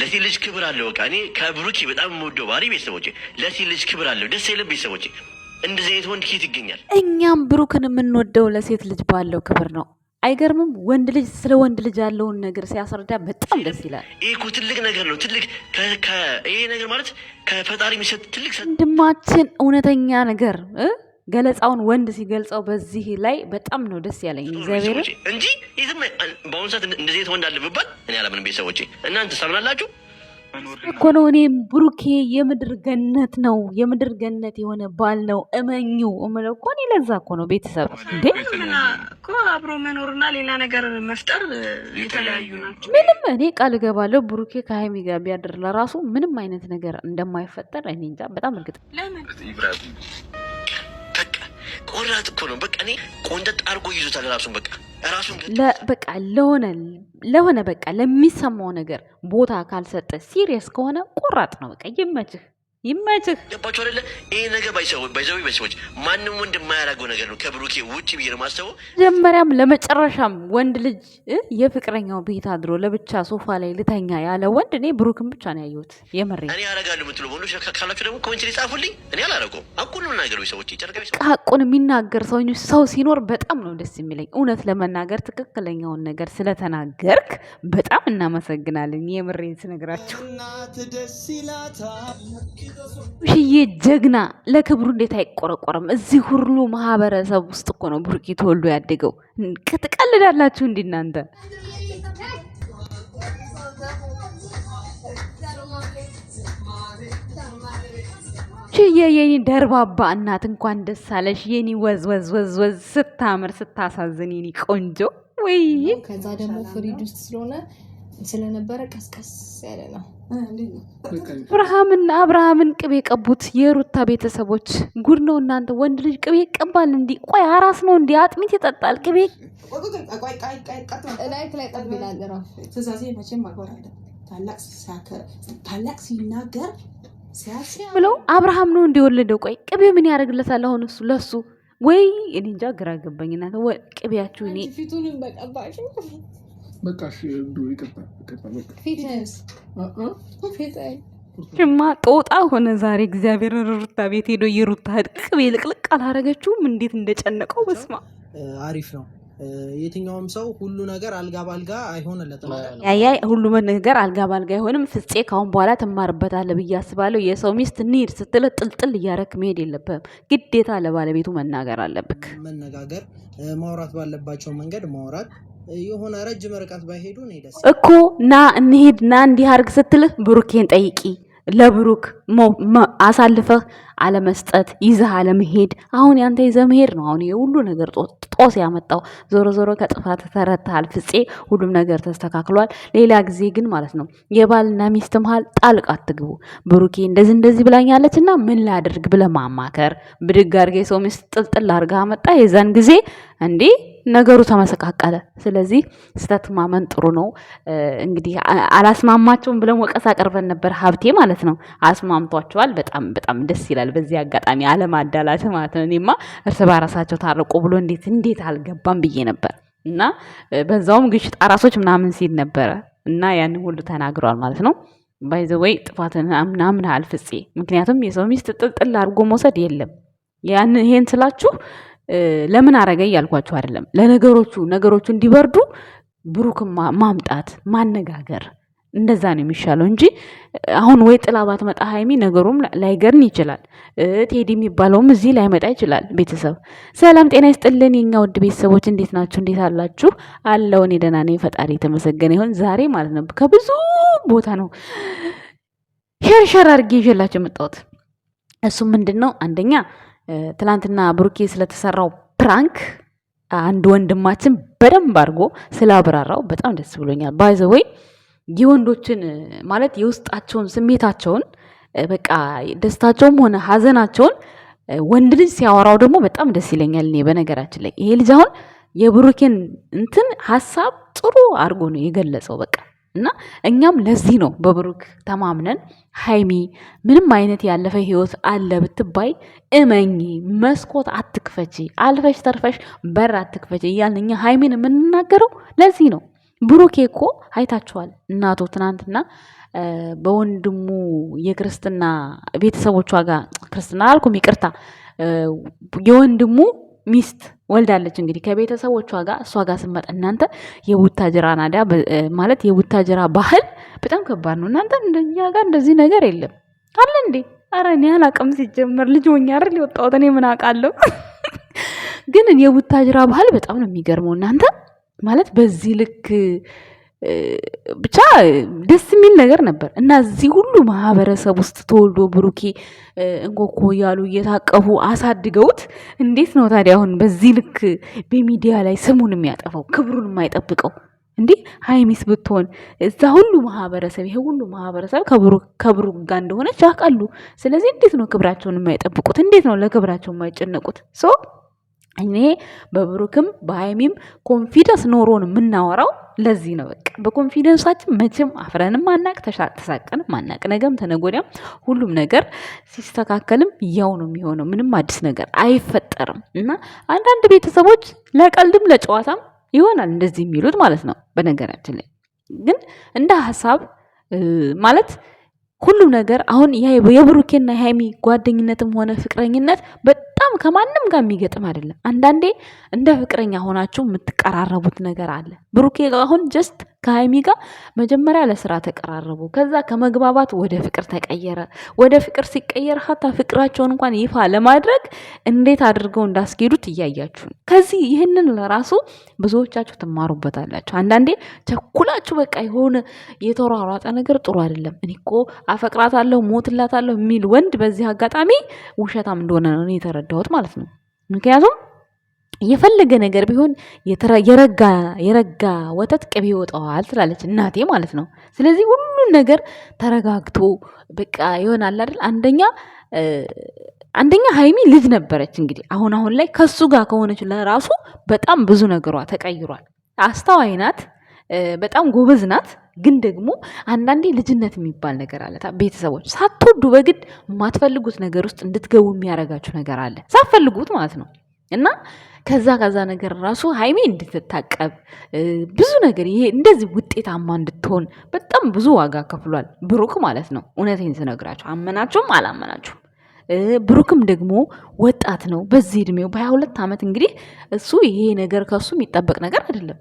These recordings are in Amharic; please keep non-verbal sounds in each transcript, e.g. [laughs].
ለሴት ልጅ ክብር አለው። በቃ እኔ ከብሩኪ በጣም የምወደው ባህሪ ቤተሰቦች፣ ለሴት ልጅ ክብር አለው። ደስ የለም ቤተሰቦች፣ እንደዚህ አይነት ወንድ ኬት ይገኛል? እኛም ብሩክን የምንወደው ለሴት ልጅ ባለው ክብር ነው። አይገርምም? ወንድ ልጅ ስለ ወንድ ልጅ ያለውን ነገር ሲያስረዳ በጣም ደስ ይላል። ይህ እኮ ትልቅ ነገር ነው። ትልቅ ይሄ ነገር ማለት ከፈጣሪ የሚሰጥ ትልቅ ወንድማችን እውነተኛ ነገር ገለጻውን ወንድ ሲገልጸው በዚህ ላይ በጣም ነው ደስ ያለኝ። እግዚአብሔር እንጂ ይዝም በአሁኑ ሰዓት እንደዚህ ወንድ አለ ብባል እኔ አላምንም። ቤተሰቦቼ እናንተ ታምናላችሁ እኮ ነው። እኔም ብሩኬ የምድር ገነት ነው፣ የምድር ገነት የሆነ ባል ነው። እመኙ እምለው እኮ እኔ ለዛ እኮ ነው ቤተሰብ እንዴ እኮ አብሮ መኖርና ሌላ ነገር መፍጠር የተለያዩ ናቸው። ምንም እኔ ቃል እገባለሁ ብሩኬ ከሀይሚ ጋር ቢያድር ለራሱ ምንም አይነት ነገር እንደማይፈጠር እኔ እንጃ በጣም እርግጥ ለምን ቆራጥ እኮ ነው። በቃ እኔ ቆንጠጥ አድርጎ ይዞታል ራሱን በቃ በቃ ለሆነ ለሆነ በቃ ለሚሰማው ነገር ቦታ ካልሰጠ ሲሪየስ ከሆነ ቆራጥ ነው። በቃ ይመችህ። ይመችህ። ገባችሁ አይደለ? ይሄ ነገር ባይሰዎች ማንም ወንድ የማያደርገው ነገር ነው ከብሩኬ ውጭ ብዬ ነው የማስበው። መጀመሪያም ለመጨረሻም ወንድ ልጅ የፍቅረኛው ቤት አድሮ ለብቻ ሶፋ ላይ ልተኛ ያለ ወንድ እኔ ብሩክን ብቻ ነው ያየሁት። የምሬ እኔ ያደርጋሉ የምትለው ወንዶች ካላችሁ ደግሞ ኮሜንት ሊጻፉልኝ። እኔ አላደርገውም። ሀቁን የሚናገሩ ሰዎች ሀቁን የሚናገር ሰው ሰው ሲኖር በጣም ነው ደስ የሚለኝ። እውነት ለመናገር ትክክለኛውን ነገር ስለተናገርክ በጣም እናመሰግናለን። የምሬን ስነግራቸው እናት ደስ ይላታል ውሽዬ ጀግና ለክብሩ እንዴት አይቆረቆረም? እዚህ ሁሉ ማህበረሰብ ውስጥ እኮ ነው ብሩኬ ተወልዶ ያደገው። ከትቀልዳላችሁ እንዲ እናንተ ሽዬ የኔ ደርባባ እናት እንኳን ደስ አለሽ የኔ ወዝ ወዝ ወዝ ወዝ ስታምር ስታሳዝን የኔ ቆንጆ። ወይ ከዛ ደግሞ ፍሪድ ውስጥ ስለሆነ ስለነበረ ቀስቀስ ያለ ነው። አብርሃምና አብርሃምን ቅቤ ቀቡት የሩታ ቤተሰቦች። ጉድ ነው እናንተ። ወንድ ልጅ ቅቤ ይቀባል እንዲ? ቆይ አራስ ነው እንዲ? አጥሚት ይጠጣል ቅቤ? ታላቅ ሲናገር ብለው አብርሃም ነው እንዲወለደው። ቆይ ቅቤ ምን ያደርግለታል አሁን እሱ ለሱ ወይ እኔ እንጃ፣ ግራ ገባኝ እናንተ። ቅቤያችሁ እኔ በቃ ሽማ ጦጣ ሆነ ዛሬ። እግዚአብሔር ሩታ ቤት ሄዶ የሩታ ቅቤ ቤልቅልቅ አላረገችውም። እንዴት እንደጨነቀው በስማ አሪፍ ነው። የትኛውም ሰው ሁሉ ነገር አልጋ ባልጋ አይሆንለትም። ያ ሁሉ ነገር አልጋ ባልጋ አይሆንም። ፍፄ ካሁን በኋላ ትማርበታለ ብዬ አስባለሁ። የሰው ሚስት እንሂድ ስትለ ጥልጥል እያረክ መሄድ የለብህም። ግዴታ ለባለቤቱ መናገር አለብክ። መነጋገር ማውራት ባለባቸው መንገድ ማውራት የሆነ ረጅም ርቀት ባይሄዱ እኔ ደስ እኮ ና እንሄድ ና እንዲህ አርግ ስትልህ ብሩኬን ጠይቂ። ለብሩክ አሳልፈህ አለመስጠት ይዘህ አለመሄድ፣ አሁን ያንተ ይዘህ መሄድ ነው። አሁን የሁሉ ነገር ጦስ ያመጣው ዞሮ ዞሮ ከጥፋት ተረታሃል ፍፄ። ሁሉም ነገር ተስተካክሏል። ሌላ ጊዜ ግን ማለት ነው የባልና ሚስት መሃል ጣልቃ አትግቡ። ብሩኬ እንደዚህ እንደዚህ ብላኛለች እና ምን ላድርግ ብለህ ማማከር፣ ብድግ አድርገህ የሰው ሚስት ጥልጥል አድርገህ አመጣ የዛን ጊዜ እንዲህ ነገሩ ተመሰቃቀለ። ስለዚህ ስተት ማመን ጥሩ ነው። እንግዲህ አላስማማቸውም ብለን ወቀስ አቅርበን ነበር፣ ሀብቴ ማለት ነው። አስማምቷቸዋል። በጣም በጣም ደስ ይላል። በዚህ አጋጣሚ አለማዳላት ማለት ነው። እኔማ እርስ በራሳቸው ታረቁ ብሎ እንዴት እንዴት አልገባም ብዬ ነበር እና በዛውም ግሽጣ ራሶች ምናምን ሲል ነበረ እና ያንን ሁሉ ተናግሯል ማለት ነው። ባይዘወይ ጥፋትን ምናምን አልፍጼ ምክንያቱም የሰው ሚስት ጥልጥል አድርጎ መውሰድ የለም። ያን ይሄን ስላችሁ ለምን አረገ እያልኳቸው አይደለም። ለነገሮቹ ነገሮቹ እንዲበርዱ ብሩክን ማምጣት ማነጋገር እንደዛ ነው የሚሻለው እንጂ አሁን ወይ ጥላ ባትመጣ ሀይሚ ነገሩም ላይገርን ይችላል። ቴዲ የሚባለውም እዚህ ላይመጣ ይችላል። ቤተሰብ ሰላም ጤና ይስጥልን የኛ ውድ ቤተሰቦች እንዴት ናችሁ? እንዴት አላችሁ? አለውን እኔ ነኝ፣ ፈጣሪ የተመሰገነ ይሁን። ዛሬ ማለት ነው ከብዙ ቦታ ነው ሸርሸር አድርጌ ይዤላቸው የመጣሁት። እሱም ምንድን ነው አንደኛ ትላንትና ብሩኬ ስለተሰራው ፕራንክ አንድ ወንድማችን በደንብ አድርጎ ስላብራራው በጣም ደስ ብሎኛል። ባይዘወይ የወንዶችን ማለት የውስጣቸውን ስሜታቸውን በቃ ደስታቸውም ሆነ ሀዘናቸውን ወንድ ልጅ ሲያወራው ደግሞ በጣም ደስ ይለኛል። እኔ በነገራችን ላይ ይሄ ልጅ አሁን የብሩኬን እንትን ሀሳብ ጥሩ አድርጎ ነው የገለጸው በቃ እና እኛም ለዚህ ነው በብሩክ ተማምነን ሀይሚ ምንም አይነት ያለፈ ህይወት አለ ብትባይ እመኚ፣ መስኮት አትክፈች አልፈሽ ተርፈሽ በር አትክፈች እያልን እኛ ሀይሚን የምንናገረው ለዚህ ነው። ብሩኬ እኮ አይታችኋል እናቶ ትናንትና በወንድሙ የክርስትና ቤተሰቦቿ ጋር ክርስትና አልኩም ይቅርታ የወንድሙ ሚስት ወልዳለች። እንግዲህ ከቤተሰቦቿ ጋር እሷ ጋር ስመጣ እናንተ የቡታጅራ ናዳ ማለት የቡታጅራ ባህል በጣም ከባድ ነው። እናንተ እንደኛ ጋር እንደዚህ ነገር የለም አለ እንዴ? አረ እኔ አላቅም። ሲጀመር ልጅ ወኛር ሊወጣወት እኔ ምን አውቃለሁ። [laughs] ግን የቡታጅራ ባህል በጣም ነው የሚገርመው እናንተ ማለት በዚህ ልክ ብቻ ደስ የሚል ነገር ነበር እና እዚህ ሁሉ ማህበረሰብ ውስጥ ተወልዶ ብሩኬ እንኮኮ እያሉ እየታቀፉ አሳድገውት እንዴት ነው ታዲያ አሁን በዚህ ልክ በሚዲያ ላይ ስሙን የሚያጠፋው ክብሩን የማይጠብቀው? እንዲህ ሀይሚስ ብትሆን እዛ ሁሉ ማህበረሰብ ይሄ ሁሉ ማህበረሰብ ከብሩ ጋ እንደሆነች ያውቃሉ። ስለዚህ እንዴት ነው ክብራቸውን የማይጠብቁት? እንዴት ነው ለክብራቸው የማይጨነቁት? እኔ በብሩክም በሀይሚም ኮንፊደንስ ኖሮን የምናወራው ለዚህ ነው። በቃ በኮንፊደንሳችን መቼም አፍረንም አናቅ ተሳቀንም አናቅ። ነገም ተነጎዳም ሁሉም ነገር ሲስተካከልም ያው ነው የሚሆነው። ምንም አዲስ ነገር አይፈጠርም እና አንዳንድ ቤተሰቦች ለቀልድም ለጨዋታም ይሆናል እንደዚህ የሚሉት ማለት ነው። በነገራችን ላይ ግን እንደ ሀሳብ ማለት ሁሉም ነገር አሁን የብሩኬና የሀይሚ ጓደኝነትም ሆነ ፍቅረኝነት በጣም ከማንም ጋር የሚገጥም አይደለም። አንዳንዴ እንደ ፍቅረኛ ሆናችሁ የምትቀራረቡት ነገር አለ። ብሩኬ አሁን ጀስት ከሀይሚ ጋር መጀመሪያ ለስራ ተቀራረቡ። ከዛ ከመግባባት ወደ ፍቅር ተቀየረ። ወደ ፍቅር ሲቀየር ሀታ ፍቅራቸውን እንኳን ይፋ ለማድረግ እንዴት አድርገው እንዳስጌዱት እያያችሁ ከዚህ ይህንን ለራሱ ብዙዎቻችሁ ትማሩበታላችሁ። አንዳንዴ ቸኩላችሁ በቃ የሆነ የተሯሯጠ ነገር ጥሩ አይደለም። እኔ እኮ አፈቅራታለሁ፣ ሞትላታለሁ የሚል ወንድ በዚህ አጋጣሚ ውሸታም እንደሆነ ነው የተረዳው። የተረዳሁት ማለት ነው። ምክንያቱም የፈለገ ነገር ቢሆን የረጋ የረጋ ወተት ቅቤ ይወጣዋል ትላለች እናቴ ማለት ነው። ስለዚህ ሁሉን ነገር ተረጋግቶ በቃ ይሆናል አይደል? አንደኛ አንደኛ ሀይሚ ልጅ ነበረች እንግዲህ አሁን አሁን ላይ ከሱ ጋር ከሆነች ለራሱ በጣም ብዙ ነገሯ ተቀይሯል። አስተዋይ ናት፣ በጣም ጎበዝ ናት። ግን ደግሞ አንዳንዴ ልጅነት የሚባል ነገር አለ። ቤተሰቦች ሳትወዱ በግድ የማትፈልጉት ነገር ውስጥ እንድትገቡ የሚያደርጋችሁ ነገር አለ፣ ሳትፈልጉት ማለት ነው። እና ከዛ ከዛ ነገር ራሱ ሀይሜ እንድትታቀብ ብዙ ነገር ይሄ እንደዚህ ውጤታማ እንድትሆን በጣም ብዙ ዋጋ ከፍሏል ብሩክ ማለት ነው። እውነቴን ስነግራችሁ አመናችሁም አላመናችሁም። ብሩክም ደግሞ ወጣት ነው በዚህ እድሜው በሀያ ሁለት ዓመት እንግዲህ እሱ ይሄ ነገር ከሱ የሚጠበቅ ነገር አይደለም።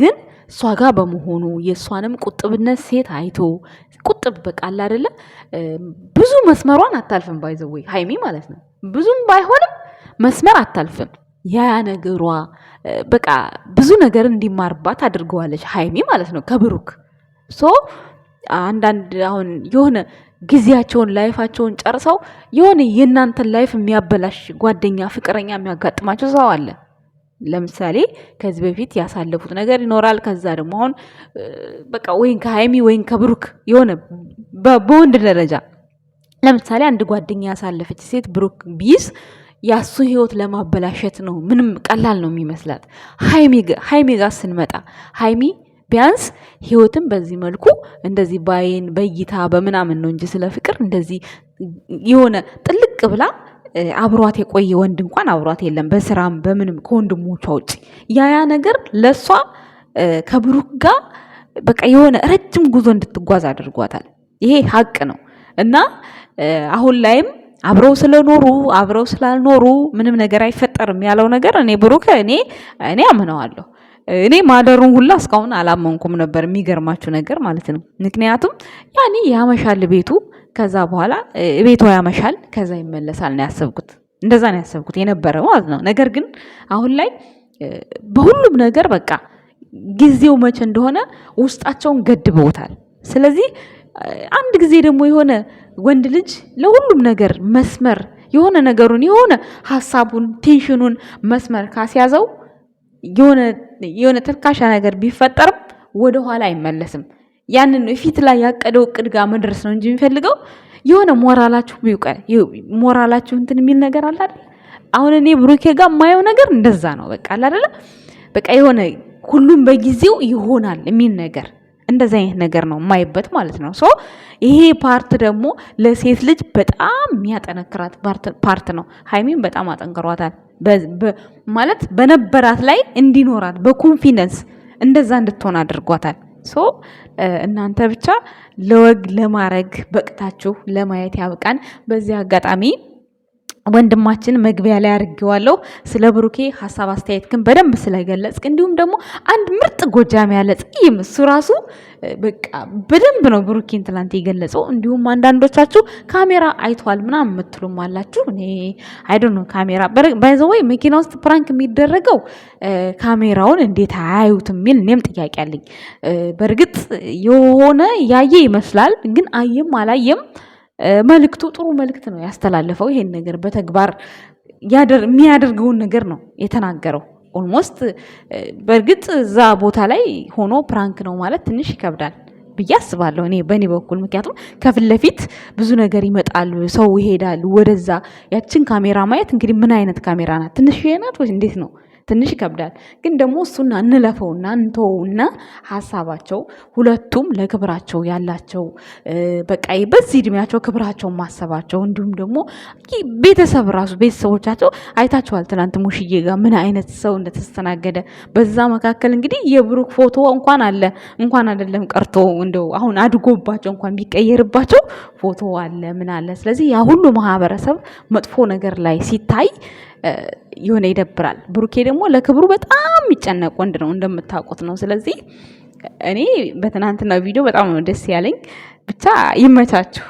ግን እሷ ጋር በመሆኑ የእሷንም ቁጥብነት ሴት አይቶ ቁጥብ በቃል አደለ ብዙ መስመሯን አታልፍም። ባይዘወይ ሀይሚ ማለት ነው ብዙም ባይሆንም መስመር አታልፍም። ያ ነገሯ በቃ ብዙ ነገር እንዲማርባት አድርገዋለች ሀይሚ ማለት ነው ከብሩክ ሶ አንዳንድ አሁን የሆነ ጊዜያቸውን ላይፋቸውን ጨርሰው የሆነ የእናንተን ላይፍ የሚያበላሽ ጓደኛ፣ ፍቅረኛ የሚያጋጥማቸው ሰው አለ። ለምሳሌ ከዚህ በፊት ያሳለፉት ነገር ይኖራል። ከዛ ደግሞ አሁን በቃ ወይም ከሀይሚ ወይም ከብሩክ የሆነ በወንድ ደረጃ ለምሳሌ አንድ ጓደኛ ያሳለፈች ሴት ብሩክ ቢይዝ ያሱ ህይወት ለማበላሸት ነው። ምንም ቀላል ነው የሚመስላት። ሀይሚ ጋር ስንመጣ ሀይሚ ቢያንስ ህይወትን በዚህ መልኩ እንደዚህ በአይን በእይታ በምናምን ነው እንጂ ስለ ፍቅር እንደዚህ የሆነ ጥልቅ ብላ አብሯት የቆየ ወንድ እንኳን አብሯት የለም፣ በስራም በምንም ከወንድሞቿ ውጭ። ያያ ነገር ለእሷ ከብሩክ ጋር በቃ የሆነ ረጅም ጉዞ እንድትጓዝ አድርጓታል። ይሄ ሀቅ ነው እና አሁን ላይም አብረው ስለኖሩ አብረው ስላልኖሩ ምንም ነገር አይፈጠርም ያለው ነገር እኔ ብሩክ እኔ እኔ አምነዋለሁ። እኔ ማደሩን ሁላ እስካሁን አላመንኩም ነበር፣ የሚገርማችሁ ነገር ማለት ነው። ምክንያቱም ያኔ ያመሻል ቤቱ ከዛ በኋላ ቤቷ ያመሻል፣ ከዛ ይመለሳል ነው ያሰብኩት። እንደዛ ነው ያሰብኩት የነበረ ማለት ነው። ነገር ግን አሁን ላይ በሁሉም ነገር በቃ ጊዜው መቼ እንደሆነ ውስጣቸውን ገድበውታል። ስለዚህ አንድ ጊዜ ደግሞ የሆነ ወንድ ልጅ ለሁሉም ነገር መስመር የሆነ ነገሩን የሆነ ሀሳቡን ቴንሽኑን መስመር ካስያዘው የሆነ ተልካሻ ነገር ቢፈጠርም ወደኋላ አይመለስም። ያንን ነው የፊት ላይ ያቀደው እቅድ ጋር መድረስ ነው እንጂ የሚፈልገው የሆነ ሞራላችሁ ሞራላችሁ እንትን የሚል ነገር አለ አይደል? አሁን እኔ ብሩኬ ጋር የማየው ነገር እንደዛ ነው። በቃ አለ አይደለ? በቃ የሆነ ሁሉም በጊዜው ይሆናል የሚል ነገር እንደዚ አይነት ነገር ነው የማይበት ማለት ነው። ሶ ይሄ ፓርት ደግሞ ለሴት ልጅ በጣም የሚያጠነክራት ፓርት ነው። ሀይሚን በጣም አጠንክሯታል ማለት በነበራት ላይ እንዲኖራት በኮንፊደንስ እንደዛ እንድትሆን አድርጓታል። ሶ እናንተ ብቻ ለወግ ለማረግ በቅታችሁ ለማየት ያብቃን። በዚህ አጋጣሚ ወንድማችን መግቢያ ላይ አድርጌዋለሁ። ስለ ብሩኬ ሀሳብ አስተያየት ግን በደንብ ስለገለጽክ እንዲሁም ደግሞ አንድ ምርጥ ጎጃም ያለ ጽይም እሱ ራሱ በቃ በደንብ ነው ብሩኬን ትላንት የገለጸው። እንዲሁም አንዳንዶቻችሁ ካሜራ አይቷል ምናምን የምትሉም አላችሁ። እኔ አይዶ ነው ካሜራ ባይዘወይ መኪና ውስጥ ፕራንክ የሚደረገው ካሜራውን እንዴት አያዩት የሚል እኔም ጥያቄ አለኝ። በእርግጥ የሆነ ያየ ይመስላል፣ ግን አየም አላየም መልእክቱ ጥሩ መልእክት ነው ያስተላለፈው። ይሄን ነገር በተግባር የሚያደርገውን ነገር ነው የተናገረው። ኦልሞስት በእርግጥ እዛ ቦታ ላይ ሆኖ ፕራንክ ነው ማለት ትንሽ ይከብዳል ብዬ አስባለሁ እኔ በእኔ በኩል ምክንያቱም ከፊት ለፊት ብዙ ነገር ይመጣል፣ ሰው ይሄዳል ወደዛ። ያችን ካሜራ ማየት እንግዲህ ምን አይነት ካሜራ ናት? ትንሽ ናት ወይ እንዴት ነው? ትንሽ ይከብዳል። ግን ደግሞ እሱና እንለፈውና እንተውና ሀሳባቸው ሁለቱም ለክብራቸው ያላቸው በቃ በዚህ እድሜያቸው ክብራቸውን ማሰባቸው እንዲሁም ደግሞ ቤተሰብ ራሱ ቤተሰቦቻቸው አይታችኋል። ትናንት ሙሽዬ ጋር ምን አይነት ሰው እንደተስተናገደ በዛ መካከል እንግዲህ የብሩክ ፎቶ እንኳን አለ እንኳን አይደለም ቀርቶ እንደው አሁን አድጎባቸው እንኳን ቢቀየርባቸው ፎቶ አለ ምን አለ። ስለዚህ ያ ሁሉ ማህበረሰብ መጥፎ ነገር ላይ ሲታይ የሆነ ይደብራል። ብሩኬ ደግሞ ለክብሩ በጣም የሚጨነቅ ወንድ ነው እንደምታውቁት ነው። ስለዚህ እኔ በትናንትና ቪዲዮ በጣም ነው ደስ ያለኝ። ብቻ ይመቻችሁ።